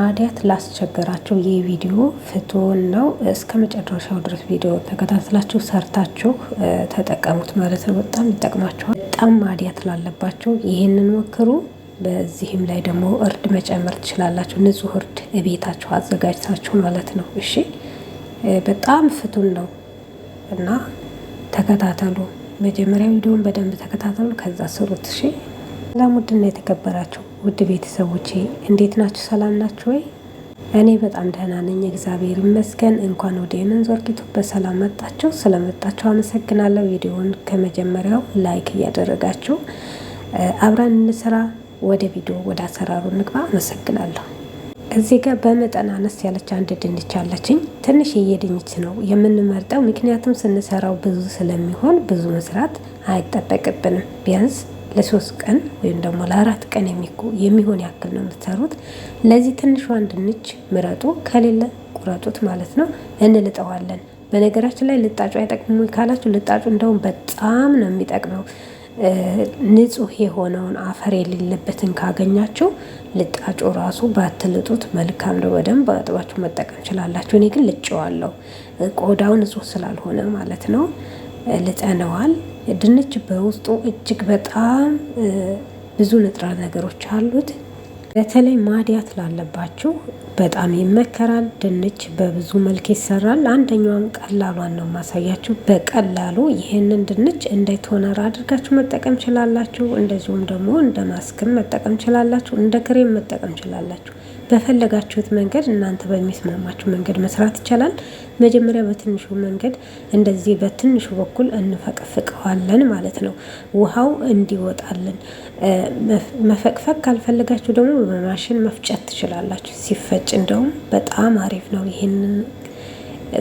አዲያት ላስቸገራቸው ይህ ቪዲዮ ፍቱን ነው። እስከ መጨረሻው ድረስ ቪዲዮ ተከታትላችሁ ሰርታችሁ ተጠቀሙት ማለት ነው። በጣም ይጠቅማችኋል። በጣም አዲያት ላለባቸው ይህንን ሞክሩ። በዚህም ላይ ደግሞ እርድ መጨመር ትችላላችሁ። ንጹህ እርድ እቤታችሁ አዘጋጅታችሁ ማለት ነው። እሺ፣ በጣም ፍቱን ነው እና ተከታተሉ። መጀመሪያ ቪዲዮን በደንብ ተከታተሉ፣ ከዛ ስሩት። እሺ። ሰላም የተከበራችሁ ውድ ቤተሰቦቼ እንዴት ናችሁ? ሰላም ናችሁ ወይ? እኔ በጣም ደህና ነኝ፣ እግዚአብሔር ይመስገን። እንኳን ወደ የመንዞር ዞርኪቱ በሰላም መጣችሁ። ስለመጣችሁ አመሰግናለሁ። ቪዲዮውን ከመጀመሪያው ላይክ እያደረጋችሁ አብረን እንስራ። ወደ ቪዲዮ ወደ አሰራሩ ንግባ አመሰግናለሁ። እዚህ ጋር በመጠን አነስ ያለች አንድ ድንች አለችኝ። ትንሽዬ ድንች ነው የምንመርጠው፣ ምክንያቱም ስንሰራው ብዙ ስለሚሆን ብዙ መስራት አይጠበቅብንም ቢያንስ ለሶስት ቀን ወይም ደግሞ ለአራት ቀን የሚሆን ያክል ነው የምትሰሩት። ለዚህ ትንሿን ድንች ምረጡ፣ ከሌለ ቁረጡት ማለት ነው። እንልጠዋለን። በነገራችን ላይ ልጣጩ አይጠቅሙ ካላችሁ ልጣጩ እንደውም በጣም ነው የሚጠቅመው። ንጹህ የሆነውን አፈር የሌለበትን ካገኛችሁ ልጣጩ ራሱ ባትልጡት መልካም ነው። በደንብ አጥባችሁ መጠቀም ችላላችሁ። እኔ ግን ልጬዋለሁ፣ ቆዳው ንጹህ ስላልሆነ ማለት ነው። ልጠነዋል። ድንች በውስጡ እጅግ በጣም ብዙ ንጥረ ነገሮች አሉት። በተለይ ማዲያት ላለባችሁ በጣም ይመከራል። ድንች በብዙ መልክ ይሰራል። አንደኛዋን ቀላሏን ነው ማሳያችሁ። በቀላሉ ይህንን ድንች እንደ ቶነር አድርጋችሁ መጠቀም ችላላችሁ። እንደዚሁም ደግሞ እንደ ማስክም መጠቀም ችላላችሁ። እንደ ክሬም መጠቀም ችላላችሁ። በፈለጋችሁት መንገድ እናንተ በሚስማማችሁ መንገድ መስራት ይቻላል። መጀመሪያ በትንሹ መንገድ እንደዚህ በትንሹ በኩል እንፈቅፍቀዋለን ማለት ነው፣ ውሃው እንዲወጣልን። መፈቅፈቅ ካልፈለጋችሁ ደግሞ በማሽን መፍጨት ትችላላችሁ ሲፈ ነጭ እንደውም በጣም አሪፍ ነው። ይህንን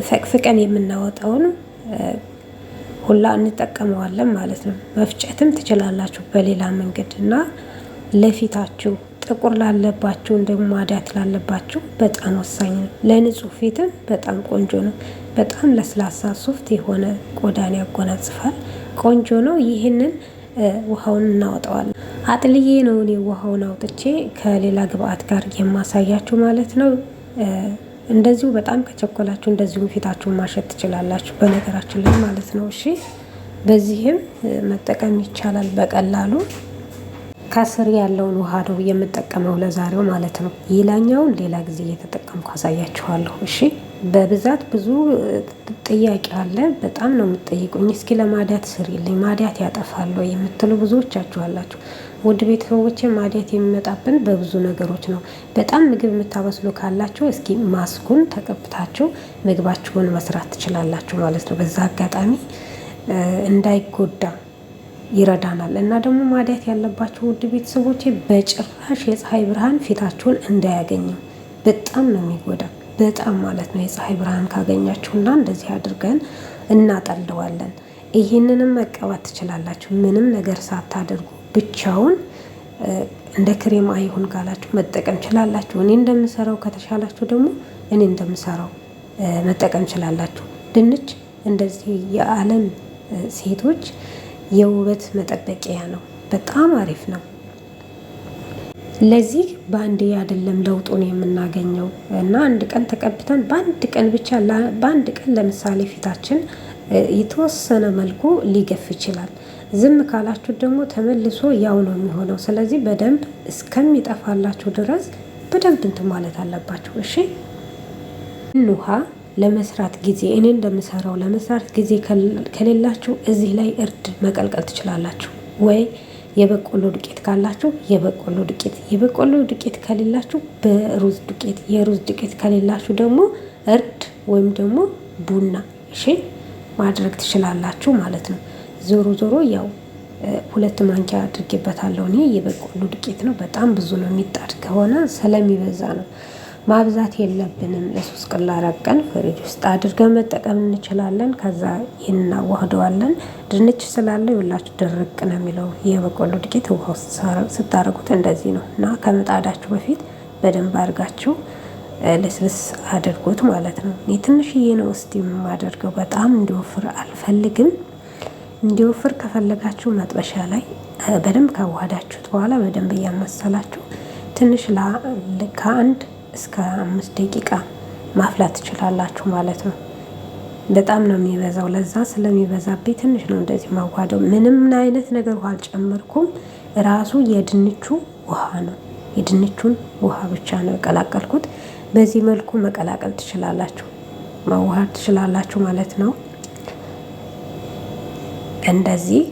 ፈቅፍቀን የምናወጣውን ሁላ እንጠቀመዋለን ማለት ነው። መፍጨትም ትችላላችሁ በሌላ መንገድ እና ለፊታችሁ ጥቁር ላለባችሁ እንደውም ማዳት ላለባችሁ በጣም ወሳኝ ነው። ለንጹህ ፊትም በጣም ቆንጆ ነው። በጣም ለስላሳ ሶፍት የሆነ ቆዳን ያጎናጽፋል። ቆንጆ ነው። ይህንን ውሃውን እናወጣዋለን። አጥልዬ ነው እኔ ውሃውን አውጥቼ ከሌላ ግብአት ጋር የማሳያችሁ ማለት ነው። እንደዚሁ በጣም ከቸኮላችሁ እንደዚሁም ፊታችሁን ማሸት ትችላላችሁ፣ በነገራችን ላይ ማለት ነው። እሺ በዚህም መጠቀም ይቻላል በቀላሉ ከስር ያለውን ውሃ ነው የምጠቀመው ለዛሬው ማለት ነው። ሌላኛውን ሌላ ጊዜ እየተጠቀምኩ አሳያችኋለሁ። እሺ በብዛት ብዙ ጥያቄ አለ። በጣም ነው የምትጠይቁኝ እስኪ ለማዲያት ስሪልኝ ማዲያት ያጠፋል ወይ የምትሉ ብዙዎቻችሁ አላችሁ። ውድ ቤተሰቦች ማዲያት የሚመጣብን በብዙ ነገሮች ነው። በጣም ምግብ የምታበስሉ ካላችሁ እስኪ ማስኩን ተቀብታችሁ ምግባችሁን መስራት ትችላላችሁ ማለት ነው። በዛ አጋጣሚ እንዳይጎዳ ይረዳናል። እና ደግሞ ማዲያት ያለባቸው ውድ ቤተሰቦች በጭራሽ የፀሐይ ብርሃን ፊታችሁን እንዳያገኝም በጣም ነው የሚጎዳ በጣም ማለት ነው የፀሐይ ብርሃን ካገኛችሁና እንደዚህ አድርገን እናጠልደዋለን። ይህንንም መቀባት ትችላላችሁ። ምንም ነገር ሳታደርጉ ብቻውን እንደ ክሬም አይሁን ካላችሁ መጠቀም ችላላችሁ። እኔ እንደምሰራው ከተሻላችሁ ደግሞ እኔ እንደምሰራው መጠቀም ችላላችሁ። ድንች እንደዚህ የዓለም ሴቶች የውበት መጠበቂያ ነው። በጣም አሪፍ ነው። ለዚህ በአንድ አይደለም ለውጡን የምናገኘው እና አንድ ቀን ተቀብተን በአንድ ቀን ብቻ በአንድ ቀን ለምሳሌ ፊታችን የተወሰነ መልኩ ሊገፍ ይችላል። ዝም ካላችሁ ደግሞ ተመልሶ ያው ነው የሚሆነው። ስለዚህ በደንብ እስከሚጠፋላችሁ ድረስ በደንብ እንትን ማለት አለባችሁ። እሺ ውሃ ለመስራት ጊዜ እኔ እንደምሰራው ለመስራት ጊዜ ከሌላችሁ እዚህ ላይ እርድ መቀልቀል ትችላላችሁ ወይ የበቆሎ ዱቄት ካላችሁ የበቆሎ ዱቄት፣ የበቆሎ ዱቄት ከሌላችሁ በሩዝ ዱቄት፣ የሩዝ ዱቄት ከሌላችሁ ደግሞ እርድ ወይም ደግሞ ቡና እሺ ማድረግ ትችላላችሁ ማለት ነው። ዞሮ ዞሮ ያው ሁለት ማንኪያ አድርጌበታለሁ እኔ የበቆሎ ዱቄት ነው። በጣም ብዙ ነው የሚጣድ ከሆነ ስለሚበዛ ነው። ማብዛት የለብንም። ለሶስት ቀን ለአራት ቀን ፍሪጅ ውስጥ አድርገን መጠቀም እንችላለን። ከዛ እናዋህደዋለን። ድንች ስላለው ይውላችሁ ድርቅ ነው የሚለው የበቆሎ ዱቄት ውሃ ውስጥ ስታደርጉት እንደዚህ ነው እና ከመጣዳችሁ በፊት በደንብ አድርጋችሁ ልስልስ አድርጉት ማለት ነው። እኔ ትንሽዬ ነው ውስጥ የማደርገው በጣም እንዲወፍር አልፈልግም። እንዲወፍር ከፈለጋችሁ መጥበሻ ላይ በደንብ ካዋህዳችሁት በኋላ በደንብ እያመሰላችሁ ትንሽ ከአንድ እስከ አምስት ደቂቃ ማፍላት ትችላላችሁ ማለት ነው። በጣም ነው የሚበዛው። ለዛ ስለሚበዛብኝ ትንሽ ነው እንደዚህ ማዋደው። ምንም አይነት ነገር ውሃ አልጨመርኩም። ራሱ የድንቹ ውሃ ነው፣ የድንቹን ውሃ ብቻ ነው የቀላቀልኩት። በዚህ መልኩ መቀላቀል ትችላላችሁ፣ ማዋሃድ ትችላላችሁ ማለት ነው። እንደዚህ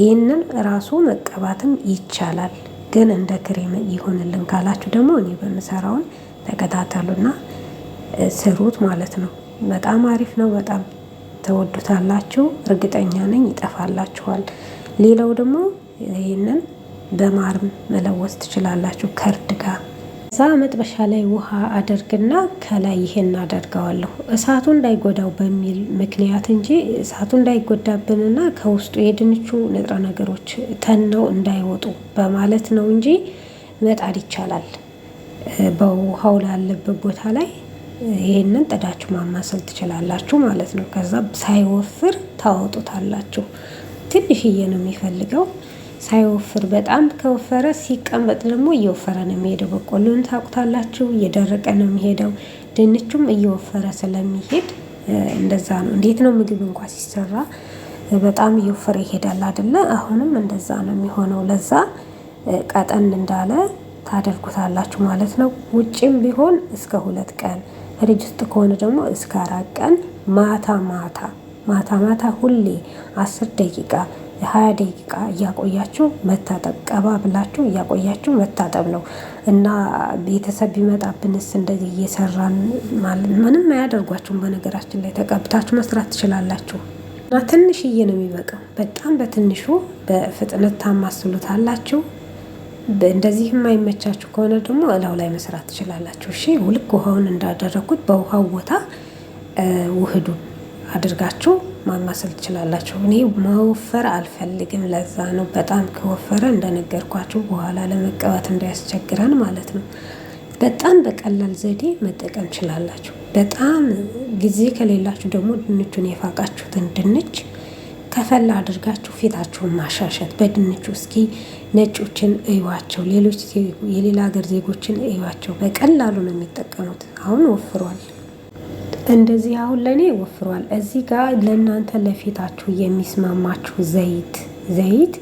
ይህንን ራሱ መቀባትም ይቻላል። ግን እንደ ክሬም ይሆንልን ካላችሁ ደግሞ እኔ በምሰራውን ተከታተሉና ስሩት ማለት ነው። በጣም አሪፍ ነው። በጣም ተወዱታላችሁ። እርግጠኛ ነኝ ይጠፋላችኋል። ሌላው ደግሞ ይህንን በማርም መለወስ ትችላላችሁ ከእርድ ጋር እዛ መጥበሻ ላይ ውሃ አደርግና ከላይ ይሄን አደርገዋለሁ እሳቱ እንዳይጎዳው በሚል ምክንያት እንጂ እሳቱ እንዳይጎዳብንና ከውስጡ የድንቹ ንጥረ ነገሮች ተነው እንዳይወጡ በማለት ነው እንጂ መጣድ ይቻላል። በውሃው ላለበት ቦታ ላይ ይሄንን ጥዳችሁ ማማሰል ትችላላችሁ ማለት ነው። ከዛ ሳይወፍር ታወጡታላችሁ። ትንሽዬ ነው የሚፈልገው ሳይወፍር በጣም ከወፈረ ሲቀመጥ ደግሞ እየወፈረ ነው የሚሄደው። በቆሎን ታውቁታላችሁ እየደረቀ ነው የሚሄደው። ድንቹም እየወፈረ ስለሚሄድ እንደዛ ነው። እንዴት ነው ምግብ እንኳ ሲሰራ በጣም እየወፈረ ይሄዳል አይደለ? አሁንም እንደዛ ነው የሚሆነው። ለዛ ቀጠን እንዳለ ታደርጉታላችሁ ማለት ነው። ውጭም ቢሆን እስከ ሁለት ቀን ፍሪጅ ውስጥ ከሆነ ደግሞ እስከ አራት ቀን ማታ ማታ ማታ ማታ ሁሌ አስር ደቂቃ ሀያ ደቂቃ እያቆያችሁ መታጠብ ቀባ ብላችሁ እያቆያችሁ መታጠብ ነው እና ቤተሰብ ቢመጣብንስ እንደዚህ እየሰራን ማለት ምንም አያደርጓችሁም። በነገራችን ላይ ተቀብታችሁ መስራት ትችላላችሁ እና ትንሽዬ ነው የሚበቃው። በጣም በትንሹ በፍጥነት ታማስሉት አላችሁ። እንደዚህ የማይመቻችሁ ከሆነ ደግሞ እላው ላይ መስራት ትችላላችሁ። እሺ ውልክ ውሃውን እንዳደረግኩት በውሃው ቦታ ውህዱን አድርጋችሁ ማማሰል ትችላላችሁ። እኔ መወፈር አልፈልግም። ለዛ ነው በጣም ከወፈረ እንደነገርኳችሁ በኋላ ለመቀባት እንዳያስቸግረን ማለት ነው። በጣም በቀላል ዘዴ መጠቀም ችላላችሁ። በጣም ጊዜ ከሌላችሁ ደግሞ ድንቹን የፋቃችሁትን ድንች ከፈላ አድርጋችሁ ፊታችሁን ማሻሸት በድንቹ እስኪ ነጮችን እዩዋቸው፣ ሌሎች የሌላ ሀገር ዜጎችን እዩዋቸው። በቀላሉ ነው የሚጠቀሙት። አሁን ወፍሯል። እንደዚህ አሁን ለእኔ ወፍሯል። እዚህ ጋር ለእናንተ ለፊታችሁ የሚስማማችሁ ዘይት ዘይት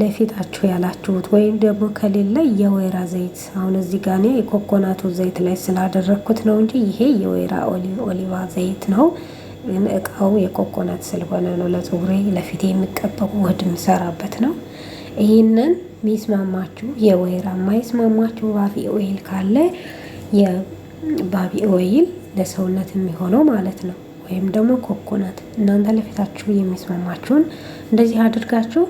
ለፊታችሁ ያላችሁት ወይም ደግሞ ከሌለ የወይራ ዘይት አሁን እዚህ ጋር እኔ የኮኮናቱ ዘይት ላይ ስላደረግኩት ነው እንጂ ይሄ የወይራ ኦሊቫ ዘይት ነው። ግን እቃው የኮኮናት ስለሆነ ነው ለፀጉሬ ለፊቴ የሚቀበቁ ውህድ የምሰራበት ነው። ይህንን የሚስማማችሁ የወይራ ማይስማማችሁ ባቢ ኦይል ካለ የባቢ ኦይል ለሰውነት የሚሆነው ማለት ነው። ወይም ደግሞ ኮኮናት እናንተ ለፊታችሁ የሚስማማችሁን እንደዚህ አድርጋችሁ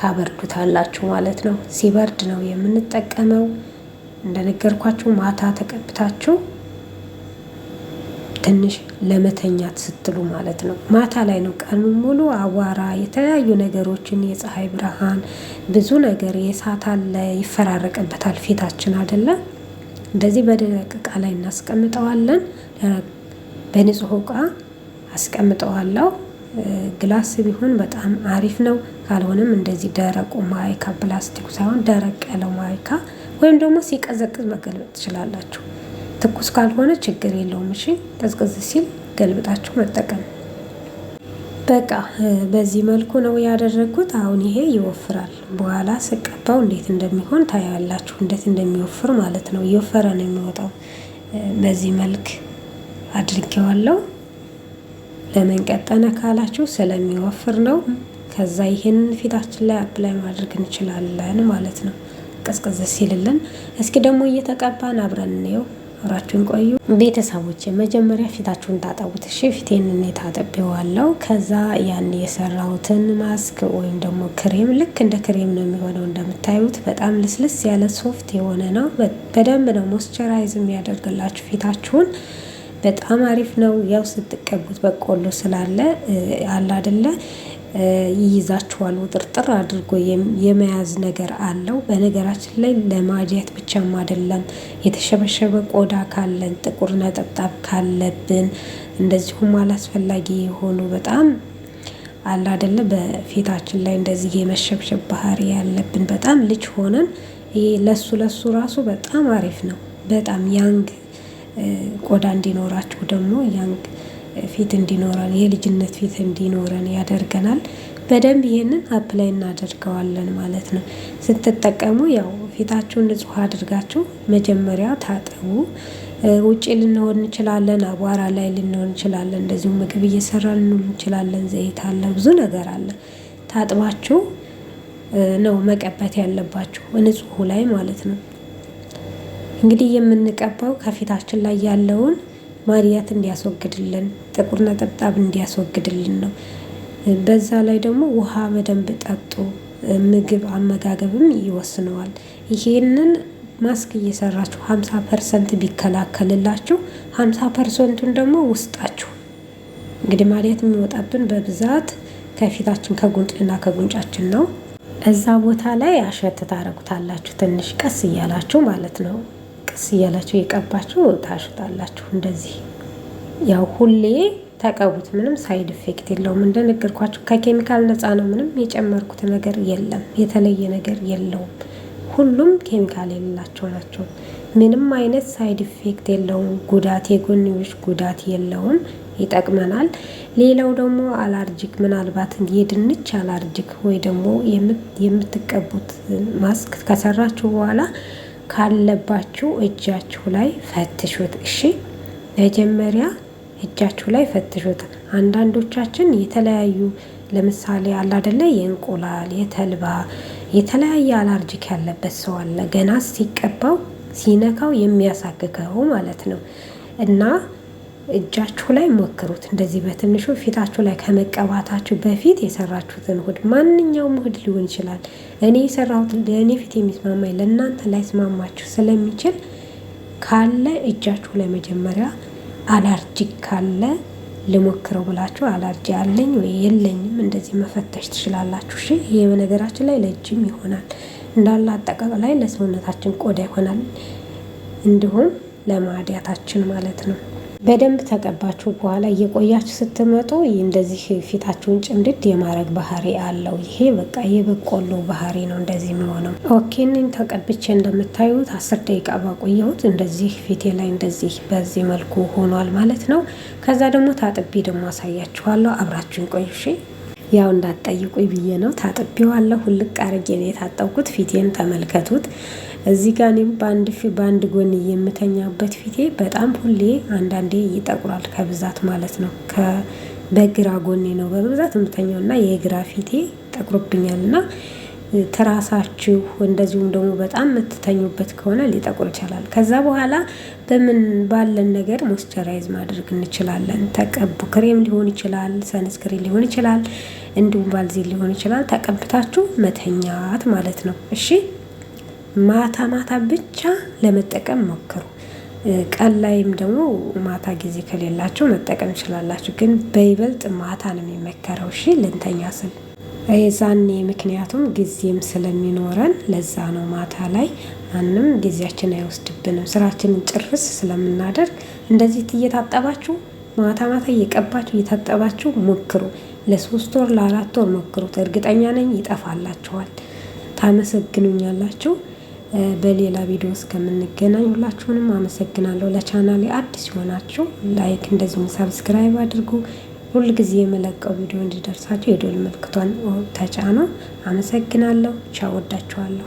ታበርዱታላችሁ ማለት ነው። ሲበርድ ነው የምንጠቀመው። እንደነገርኳችሁ ማታ ተቀብታችሁ ትንሽ ለመተኛት ስትሉ ማለት ነው። ማታ ላይ ነው። ቀኑ ሙሉ አቧራ፣ የተለያዩ ነገሮችን፣ የፀሐይ ብርሃን፣ ብዙ ነገር የእሳት አለ ይፈራረቅበታል ፊታችን አይደለም። እንደዚህ በደረቅ እቃ ላይ እናስቀምጠዋለን። በንጹህ እቃ አስቀምጠዋለሁ። ግላስ ቢሆን በጣም አሪፍ ነው። ካልሆነም እንደዚህ ደረቁ ማይካ ፕላስቲኩ ሳይሆን ደረቅ ያለው ማይካ ወይም ደግሞ ሲቀዘቅዝ መገልበጥ ትችላላችሁ። ትኩስ ካልሆነ ችግር የለውም። እሺ፣ ቀዝቅዝ ሲል ገልብጣችሁ መጠቀም በቃ በዚህ መልኩ ነው ያደረግኩት። አሁን ይሄ ይወፍራል። በኋላ ስቀባው እንዴት እንደሚሆን ታያላችሁ፣ እንዴት እንደሚወፍር ማለት ነው። እየወፈረ ነው የሚወጣው። በዚህ መልክ አድርጌዋለሁ። ለምን ቀጠነ ካላችሁ ስለሚወፍር ነው። ከዛ ይሄንን ፊታችን ላይ አፕላይ ማድረግ እንችላለን ማለት ነው፣ ቅዝቅዝ ሲልልን። እስኪ ደግሞ እየተቀባን አብረን እንየው። አብራችሁን ቆዩ። ቤተሰቦች መጀመሪያ ፊታችሁን ታጠቡት። እሺ ፊቴን እኔ ታጠቢዋለሁ። ከዛ ያን የሰራሁትን ማስክ ወይም ደግሞ ክሬም ልክ እንደ ክሬም ነው የሚሆነው። እንደምታዩት በጣም ልስልስ ያለ ሶፍት የሆነ ነው። በደንብ ነው ሞስቸራይዝ የሚያደርግላችሁ ፊታችሁን በጣም አሪፍ ነው። ያው ስትቀቡት በቆሎ ስላለ አለ አደለ ይይዛችኋል ውጥርጥር አድርጎ የመያዝ ነገር አለው። በነገራችን ላይ ለማጀት ብቻም አይደለም፣ የተሸበሸበ ቆዳ ካለን፣ ጥቁር ነጠብጣብ ካለብን፣ እንደዚሁም አላስፈላጊ የሆኑ በጣም አለ አይደለ በፊታችን ላይ እንደዚህ የመሸብሸብ ባህሪ ያለብን በጣም ልጅ ሆነን ይሄ ለሱ ለሱ ራሱ በጣም አሪፍ ነው። በጣም ያንግ ቆዳ እንዲኖራችሁ ደግሞ ያንግ ፊት እንዲኖረን የልጅነት ፊት እንዲኖረን ያደርገናል። በደንብ ይህንን አፕላይ እናደርገዋለን ማለት ነው። ስትጠቀሙ ያው ፊታችሁን ንጹህ አድርጋችሁ መጀመሪያ ታጠቡ። ውጭ ልንሆን እንችላለን፣ አቧራ ላይ ልንሆን እንችላለን፣ እንደዚሁም ምግብ እየሰራ ልንሆን እንችላለን። ዘይት አለ፣ ብዙ ነገር አለ። ታጥባችሁ ነው መቀባት ያለባችሁ ንጹሁ ላይ ማለት ነው። እንግዲህ የምንቀባው ከፊታችን ላይ ያለውን ማድያት እንዲያስወግድልን፣ ጥቁር ነጠብጣብ እንዲያስወግድልን ነው። በዛ ላይ ደግሞ ውሃ በደንብ ጠጡ። ምግብ አመጋገብም ይወስነዋል። ይሄንን ማስክ እየሰራችሁ ሀምሳ ፐርሰንት ቢከላከልላችሁ ሀምሳ ፐርሰንቱን ደግሞ ውስጣችሁ እንግዲህ ማርያት የሚወጣብን በብዛት ከፊታችን ከጉንጭና ከጉንጫችን ነው። እዛ ቦታ ላይ አሸት ታረጉታላችሁ ትንሽ ቀስ እያላችሁ ማለት ነው። ጥቅስ እያላችሁ የቀባቸው ታሽታላችሁ። እንደዚህ ያው ሁሌ ተቀቡት። ምንም ሳይድ ኢፌክት የለውም። እንደነገርኳችሁ ከኬሚካል ነፃ ነው። ምንም የጨመርኩት ነገር የለም፣ የተለየ ነገር የለውም። ሁሉም ኬሚካል የሌላቸው ናቸው። ምንም አይነት ሳይድ ኢፌክት የለውም። ጉዳት የጎንዮሽ ጉዳት የለውም። ይጠቅመናል። ሌላው ደግሞ አላርጂክ ምናልባት የድንች አላርጂክ ወይ ደግሞ የምትቀቡት ማስክ ከሰራችሁ በኋላ ካለባችሁ እጃችሁ ላይ ፈትሹት። እሺ መጀመሪያ እጃችሁ ላይ ፈትሹት። አንዳንዶቻችን የተለያዩ ለምሳሌ አለ አይደለ የእንቁላል፣ የተልባ የተለያየ አላርጂክ ያለበት ሰው አለ። ገና ሲቀባው ሲነካው የሚያሳክከው ማለት ነው እና እጃችሁ ላይ ሞክሩት። እንደዚህ በትንሹ ፊታችሁ ላይ ከመቀባታችሁ በፊት የሰራችሁትን ውህድ ማንኛውም ውህድ ሊሆን ይችላል። እኔ የሰራሁት ለእኔ ፊት የሚስማማኝ ለእናንተ ላይስማማችሁ ስለሚችል ካለ እጃችሁ ላይ መጀመሪያ አላርጂ ካለ ልሞክረው ብላችሁ አላርጂ አለኝ ወይ የለኝም እንደዚህ መፈተሽ ትችላላችሁ። እሺ ይህ በነገራችን ላይ ለእጅም ይሆናል እንዳለ አጠቃላይ ለሰውነታችን ቆዳ ይሆናል፣ እንዲሁም ለማዲያታችን ማለት ነው። በደንብ ተቀባችሁ በኋላ እየቆያችሁ ስትመጡ እንደዚህ ፊታችሁን ጭምድድ የማረግ ባህሪ አለው። ይሄ በቃ የበቆሎ ባህሪ ነው እንደዚህ የሚሆነው። ኦኬንን ተቀብቼ እንደምታዩት አስር ደቂቃ ባቆየሁት እንደዚህ ፊቴ ላይ እንደዚህ በዚህ መልኩ ሆኗል ማለት ነው። ከዛ ደግሞ ታጥቤ ደግሞ አሳያችኋለሁ። አብራችሁን ቆዩ እሺ። ያው እንዳትጠይቁኝ ብዬ ነው። ታጥቤዋለሁ። ሁልቅ አርጌ ነው የታጠብኩት። ፊቴን ተመልከቱት። እዚህ ጋር እኔም በአንድ በአንድ ጎን የምተኛበት ፊቴ በጣም ሁሌ አንዳንዴ ይጠቁራል ከብዛት ማለት ነው። በግራ ጎኔ ነው በብዛት የምተኛው እና የግራ ፊቴ ጠቁርብኛል እና ትራሳችሁ እንደዚሁም ደግሞ በጣም የምትተኙበት ከሆነ ሊጠቁር ይችላል። ከዛ በኋላ በምን ባለን ነገር ሞስቸራይዝ ማድረግ እንችላለን። ተቀቡ ክሬም ሊሆን ይችላል ሰንስክሪን ሊሆን ይችላል እንዲሁም ባልዚ ሊሆን ይችላል ተቀብታችሁ መተኛት ማለት ነው። እሺ ማታ ማታ ብቻ ለመጠቀም ሞክሩ። ቀን ላይም ደግሞ ማታ ጊዜ ከሌላችሁ መጠቀም ይችላላችሁ፣ ግን በይበልጥ ማታ ነው የሚመከረው። እሺ ልንተኛ ስል የዛኔ ምክንያቱም ጊዜም ስለሚኖረን ለዛ ነው ማታ ላይ ማንም ጊዜያችን አይወስድብንም። ስራችንን ጭርስ ስለምናደርግ እንደዚህ እየታጠባችሁ ማታ ማታ እየቀባችሁ እየታጠባችሁ ሞክሩ። ለሶስት ወር ለአራት ወር ሞክሩት። እርግጠኛ ነኝ ይጠፋላችኋል። ታመሰግኑኛላችሁ። በሌላ ቪዲዮ እስከምንገናኝ ሁላችሁንም አመሰግናለሁ። ለቻናሌ አዲስ የሆናችሁ ላይክ፣ እንደዚሁም ሰብስክራይብ አድርጉ። ሁል ጊዜ የመለቀው ቪዲዮ እንዲደርሳችሁ የዶል ምልክቷን ተጫኑ። አመሰግናለሁ። ቻው፣ ወዳችኋለሁ።